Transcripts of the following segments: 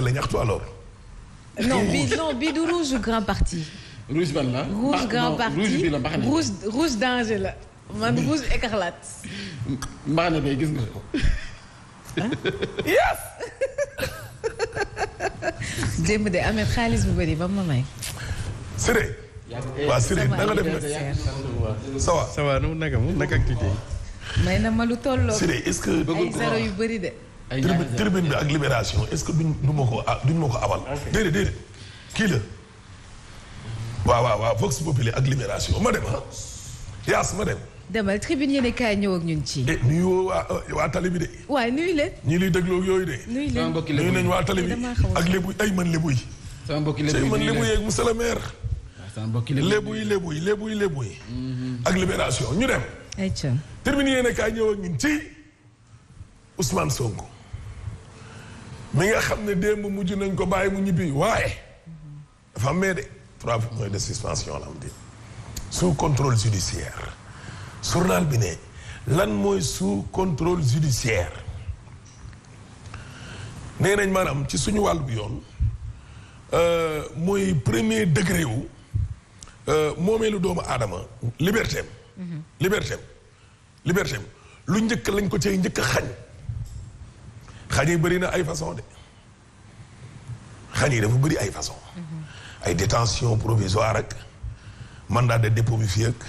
AFP la ñaxtu alors. non bi non bi du rouge grand parti. rouge ban la rouge ah, grand parti rouge bi la mbaxane man rouge écarlate. mbaxane bay gis nga ko. yes. démb de amee xaalis bu bëri ba ma may. na nga def nag. est que. ay zéro yu bëri de. ay tribune bi ak libération est-ce que duñ du ma ko ah, duñ ma ko abal. déedéet déedéet kii la. waaw waaw waaw Vox Populi ak libération ma dem ah. yaas ma dem. demal tribune yéen kaay ñëw ak ñun ci. eh nuyu waa eh, de. waaw nuyu leen. ñi liy dégloo yooyu de. nuyu leen nuyu nañu waa tali bi ak lébu ay man lébu yi. sama mbokki lébu yi man lébu yeeg sama mbokki lébu yi lébu yi lébu yi lébu yi mm-hmm. ak libération ñu dem. ayca tribune ñëw ak ñun ci Ousmane mi nga xam ne démb mujj nañ ko bàyyi mu ñibbi waaye dafa amee de trois mois de suspension la am di sous contrôle judiciaire journal bi ne lan mooy sous contrôle judiciaire nee nañ maanaam ci suñu wàll bu yoon euh, mooy premier degré wu euh, moomeelu doomu aadama liberté am mhm. liberté lu njëkk lañ ko ci njëkk a xañ xañ yi bëri na ay façon de xañ yi dafa bëri ay façon mhm. ay détention provisoire man mandat de dépôt bi fii ak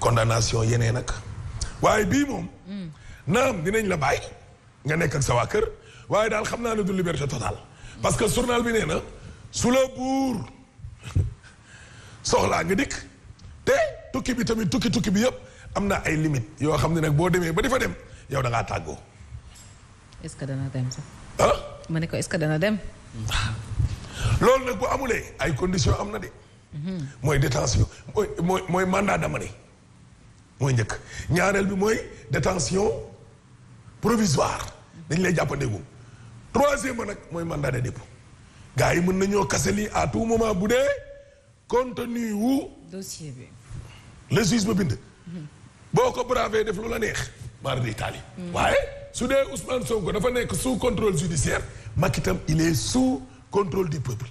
condamnation yeneen ak waaye bii moom mm. naam dinañ la bàyyi nga nekk ak sa kër waaye daal xam naa ne du liberté totale parce que journal bi nee na su la buur soxlaa nga dikk te tukki bi tamit tukki tukki bi yëpp am na ay limite yoo xam ne nag boo demee ba di dem yow da ngaa tàggoo est-ce que dana dem sax. ah. ma ne ko est-ce que dana dem. loolu nag amulee ay conditions am na de. Mhm. mooy détention mooy mooy mooy mandat d'amener mooy njëkk ñaareel bi mooy détention provisoire dañ lay jàppandeegum troisième ba nag mooy mandat de dépôt gars yi mën nañoo kase lii à tout moment bu dee contenu wu. le juge ba bind. Mhm. boo ko bravé def lu la neex. maar taali mhm. waaye. su dee Ousmane ko dafa nekk sous contrôle judiciaire Macky itam il est sous contrôle du peuple.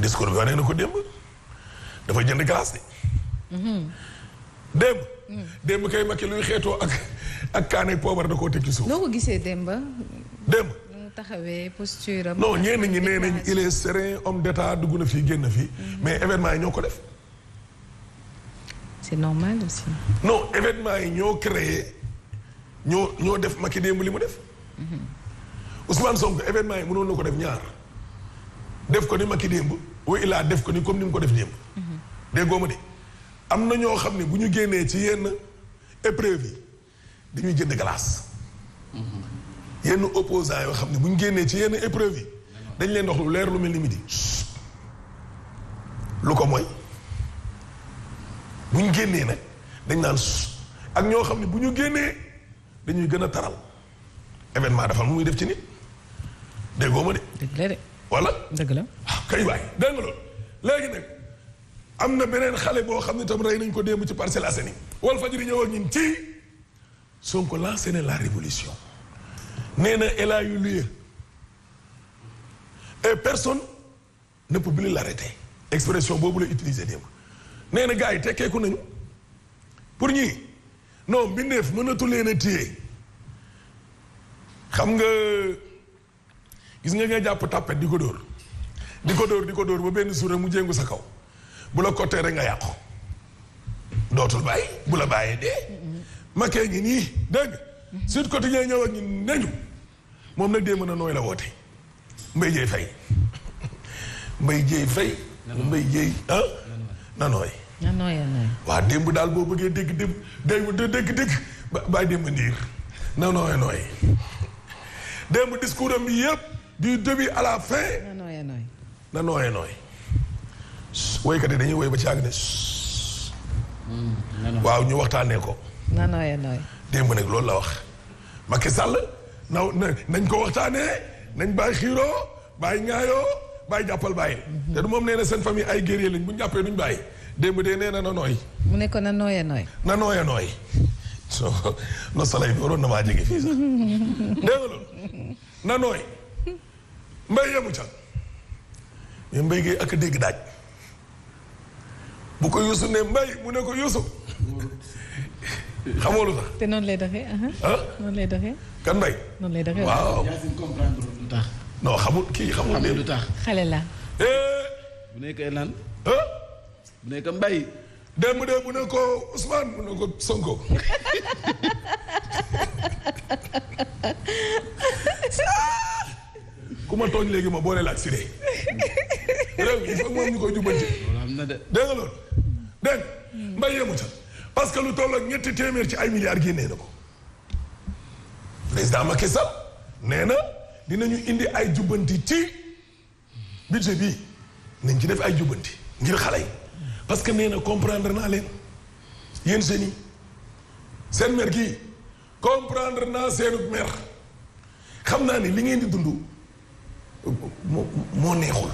discours bi wane na ko démb dafa jënd glace de. Mm-hmm. démb. Mm. démb kay Macky luy xeetoo ak ak kaane poobar da koo teg ci suuf. noo ko gisee démb. démb. taxawee posture am. non ñenn ñi nee nañ il est serein homme dugg na fii génn fii. Mm-hmm. mais événement yi ñoo ko def. c'est normal aussi. non événement yi ñoo créé ñoo ñoo def Macky démb li mu def. Mm-hmm. Ousmane Sonko événement yi mënoon na ko def ñaar def ko ni makki démb wa illaa def ko ni comme ni mu ko def démb. Mm-hmm. déggoo ma de am na ñoo xam ne bu ñu génnee ci yenn épreuve dañuy jënd glace. Mm-hmm. yenn opposants yoo xam ne bu ñu génnee ci yenn épreuve yi dañ leen dox lu leer lu mel ni lu ko mooy. bu génnee nag dañ naan ak ñoo xam ne bu ñu génnee dañuy gën a taral événement dafa muy def ci nit déggoo ma de. dëgg la de. voilà dëgg la. Ah, kay waay dégg nga léegi nag am na beneen xale boo xam ne tam rey nañ ko démb ci parce Parcelles Assainies. Walfadjri ñëw ak ñun ci Sonko lancé na la révolution nee na elle a eu lieu et personne ne peut plus l'arrêter expression boobu la utiliser démb. nee na gars yi tekkeeku nañu pour ñii non mbindeef mënatu leen a xam nga gis nga nga jàpp tàppet di ko dóor di ko dóor di ko dóor ba benn suura mu jéngu sa kaw bu la côté rek nga yàqu dootul bàyyi bu la bàyyee dee makkee ngi nii dégg Sud Quotidien ñëw ak ñu nañu moom nag dee mën a nooy la woote Mbaye Dieye Faye Mbaye Dieye Faye Mbaye Dieye ah na nooy. na démb daal boo bëggee dégg démb démb dégg dégg ba bàyyi démb ndiir na nooy nooy démb discours am yëpp du début à la fin. na nooy nooy. yi dañuy woy ci àgg hmm, waaw ñu waxtaanee ko. na nooy démb nag loolu la wax. sàll Sall naw nañ ko waxtaanee nañ bàyyi xiiroo bàyyi ñaayoo. bàyyi jàppal bàyyi. te du moom nee na seen famille ay guerrier lañ bu ñu jàppee duñ bàyyi démb dee nee na nooy. mu ne ko na nooyee nooy. na nooy. no soleil bi waroon na maa jege fii sax dégg nga mbay yemu ca mais mbay gi ak dégg daaj bu ko yusu ne mbay mu ne ko yusu xamoo lu sax. te noonu lay doxee. ah mbay. waaw. non xamul kii xamul. xamul lu tax xale la. Eh. bu nekkee lan. Eh. bu nekkee mbay. démb de ne ko Ousmane bu ne ko Sonko. ku ma tooñ léegi ma boole la ak Siré. réew mi moom ñu koy jubbanti. loolu am na de. dégg nga loolu. dégg ca parce que lu toll ak ñetti téeméer ci ay milliards génnee na ko. président Macky Sall nee na. dinañu indi ay jubbanti ci budget bi nañ ci def ay jubbanti ngir xale yi parce que nee na comprendre naa leen yéen seen yi seen mer gii comprendre naa seenu mer xam naa ni li ngeen di dund moo neexul.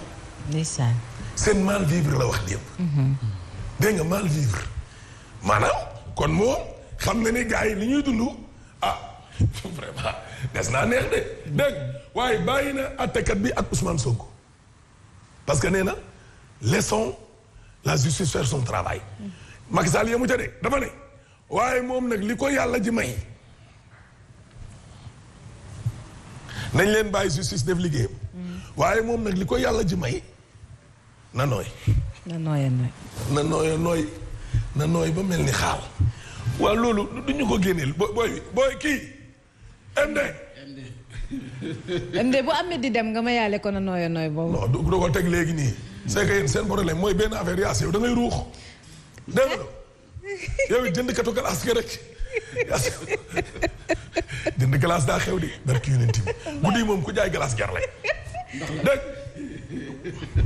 ndeysaan seen mal vivre la wax démb. Mm-hmm. dégg nga mal vivre maanaam kon moom xam na ne gars yi li ñuy dund. vraiment des naa neex de dégg waaye bàyyi na àttekat bi ak Ousmane Sonko parce que nee na laissons la justice faire son travail. Mm. Macky Sall yemu ca de dama ne waaye moom nag li ko yàlla ji may nañ leen bàyyi justice def liggéeyam. Mm. waaye moom nag li ko yàlla ji may na nooy. na nooy na nooy na nooy ba mel ni xaal. waaw loolu du ñu ko génneel booy booy kii. MD. MD bu amee di dem nga ma yaale ko na nooyo nooy boobu. non du ko teg léegi nii. c'est que seen problème mooy benn affaire yaa sew da ngay ruux. dégg nga yow jënd katu glace gi rek jënd glace daa xew di. moom ku jaay glace jar lay.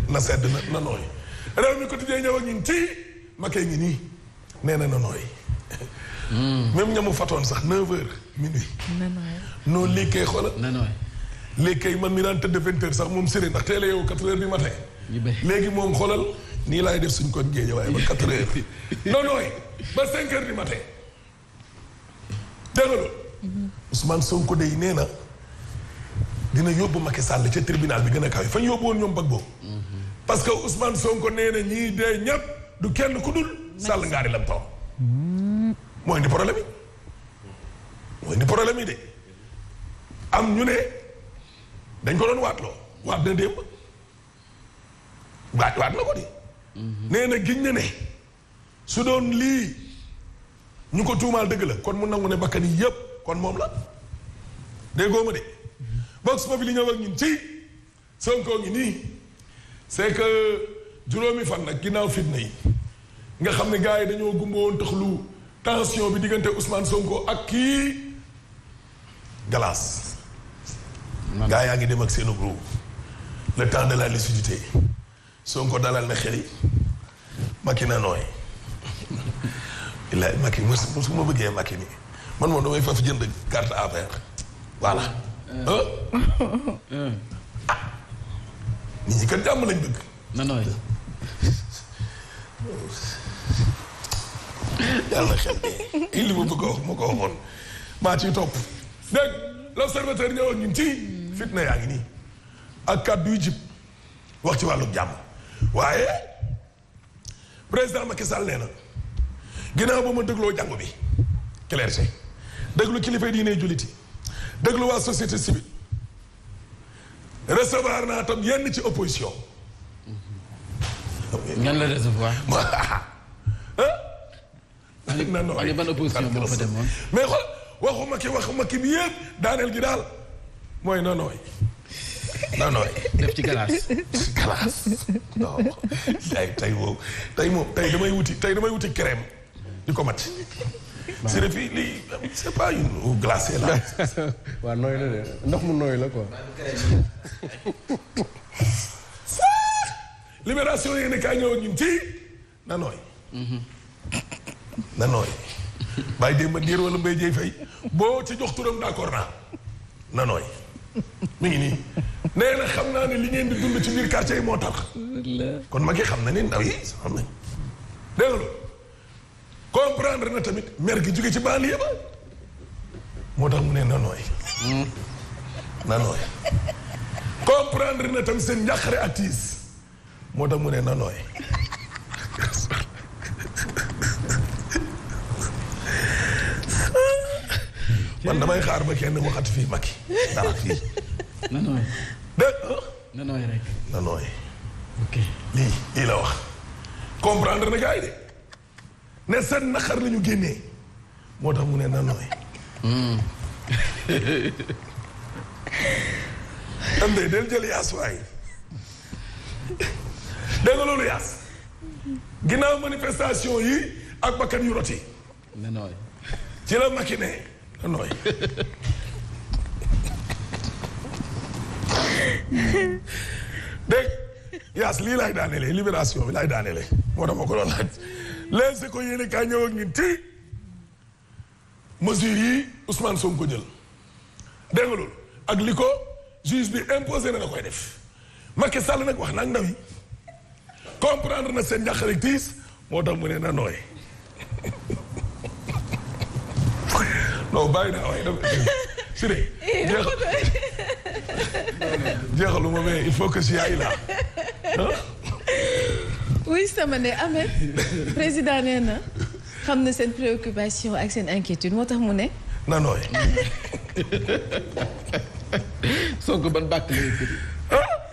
na sedd na na nooy réew mi quotidien ñëw ak ñun ci ma kay ngi nii nee na nooy. même ñamu fatoon sax 9h minuit. non lii kay xoolal. léegi man mi daan tëdd vingt heures sax moom sëriñ ndax teel a yow quatre heures du matin. léegi moom xoolal nii laay def suñ ko géej waaye ba quatre heures. non non ba cinq heures du matin. dégg nga mhm. Ousmane Sonko day nee na dina yóbbu Macky sàll ca tribunal bi gën a kawe fa ñu yóbbu woon ñoom bëgg boobu. Mhm. parce que Ousmane Sonko nee na ñii dee ñëpp du kenn ku dul. Sall ngaari la taw. moo indi problème yi moo indi problème yi de am ñu ne dañ ko doon waatloo waat na démb waat waat na ko de mhm. nee na giñ na ne su doon lii ñu ko tuumaal dëgg la kon mu nangu ne bakkan yi yëpp kon moom la déggoo ma de box mhm. foofu li ñëw ak ñun ci Sonko ngi nii c'est que juróomi fan nag ginnaaw fitna yi nga xam ne gars yi dañoo gumboon tax lu tension bi diggante Ousmane Sonko ak kii Galas. gaa yaa ngi dem ak seen groupe. le temps de la lucidité. Sonko dalal na xel yi. Macky na nooy. illaahi Macky mos mos ma bëggee Macky nii man moom damay faf jënd carte APR. voilà. Euh. Euh. nit ñi kat jàmm lañ bëgg. yàlla xel dee li ma bëgg a wax ko waxoon maa ciy topp dégg l'observateur ñëwoon ñun ci fitna yaa ngi nii ak kàddu yu jib wax ci wàllu jàmm waaye président Macky Sall nee na ginnaaw ba ma dégloo jàngu bi clergé déglu kilifa diine julliti déglu waa société civile recevoir naa tam yenn ci opposition ñan la recevoir non non ay ban opposition moo fa demoon mais xool waxuma ki waxuma bi yëpp daaneel gi daal mooy nanooy nanooy ci galaas galaas non tay damay wuti tay damay wuti crème di ko mat si nooy la ndox mu nooy la quoi libération yéen a kaay ñëw na nooy bàyyi démb diir wala mbay jëy fay boo ci jox turam d'accord naa na mu ngi nii nee na xam naa ne li ngeen di dund ci biir quartier yi moo tax kon mag yi xam na ne ndaw yi xam nañ dégg comprendre na tamit mer gi jóge ci banlieue ba moo tax mu ne na nooy hmm. na nooy comprendre na tamit seen njàqare ak moo tax mu ne na man damay xaar ba kenn waxat fii Macky dara la wax. comprendre na gars yi ne seen naqar la ñu génnee moo tax mu ne na nooy. am hmm. jël yaas waay dégg loolu yaas. ginnaaw manifestation yi ak bakkan yu rot ci la Macky ne. nooy dégg yaas lii laay daanelee libération bi laay daanelee moo tax ma ko doon laaj les éco yéen a kaay ñëw ak ti mesures yi Ousmane Sonko jël dégg ak li ko juge bi imposé na na koy def Macky Sall nag wax na ak ndaw yi comprendre na seen njàqare tiis moo tax mu ne na nooy non bàyyi naa waaye dafa si de jeexalu ma mais il faut que si aay la oui sama ne Ahmed président nee na xam na seen préoccupation ak seen inquiétude moo tax mu ne. nanooy. Sonko ban bàkk la yëkkati.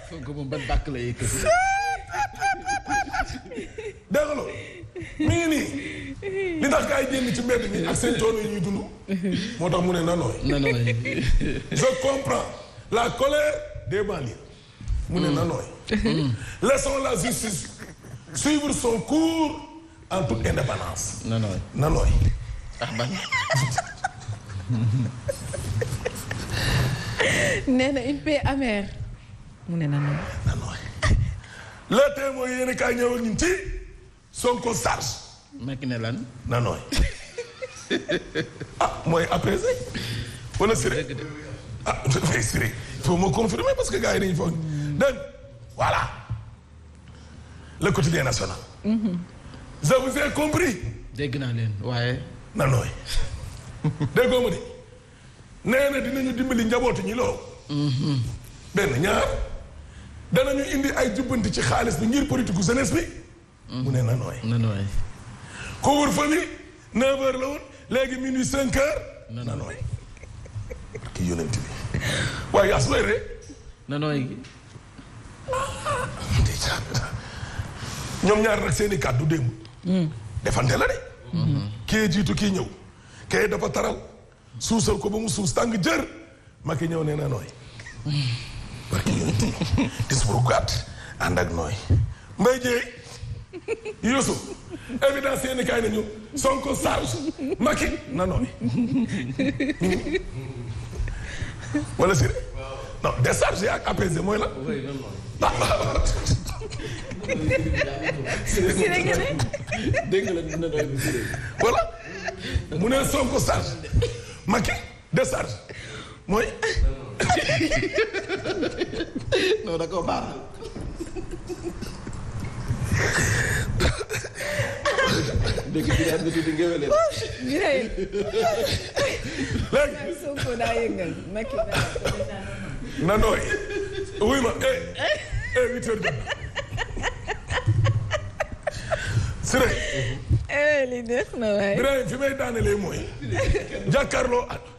Sonko moom ban bàkk la yëkkati. dégg nga loolu mi ngi nii. li tax gars yi ci mbedd mi ak seen coono yi ñuy dund. moo tax mu ne nanooy. je comprends la colère des banlieues. mu ne nanooy. Mm. laissons la justice suivre son cours en toute indépendance. nanooy nanooy. ah na une paix mu ne nanooy. le témoin yéen a kaay ñëw ak ci Sonko charge. Macky ne lan. ah mooy apaisé. wala Siré ah dafay Siré il faut ma parce que gars yi dañu foog dégg voilà le quotidien national. Mm-hmm. je vous ai compris. dégg naa leen waaye. na nooy déggoo ma de nee na dinañu dimbali njabootu ñi mm-hmm. benn ñaar danañu indi ay jubbanti ci xaalis bi ngir politique jeunesse bi. Mm-hmm. mu ne na nooy couvre-feu bi neuf heures la woon léegi minuit cinq heures. na nooy ki yonent bi waaye as looy rek. na nooy ñoom ñaar nag seeni kàddu démb. Hmm. defante la de. Hmm. kii jiitu kii ñëw. kii dafa taral. suusal ko ba mu suus tàng jër. ma ki ñëw nee na nooy. parce hmm. que yonent bi dis bu gàtt ànd ak nooy. mbay jéey. Youssou évidence yéen kaay nañu Sonko sage Macky na noonu wala si non déchargé ak apaisé mooy ah, ah, ah. la dégg la dina doy voilà mu ne Sonko sage Macky décharge mooy non da dëgg bi daal di tudd ngéwéle. léegi. léegi Sonko daa na nooy wuy ma eh eh huit heures jot. Eh, li neex na waay. Birame fi may daanelee mooy. jàkkaarloo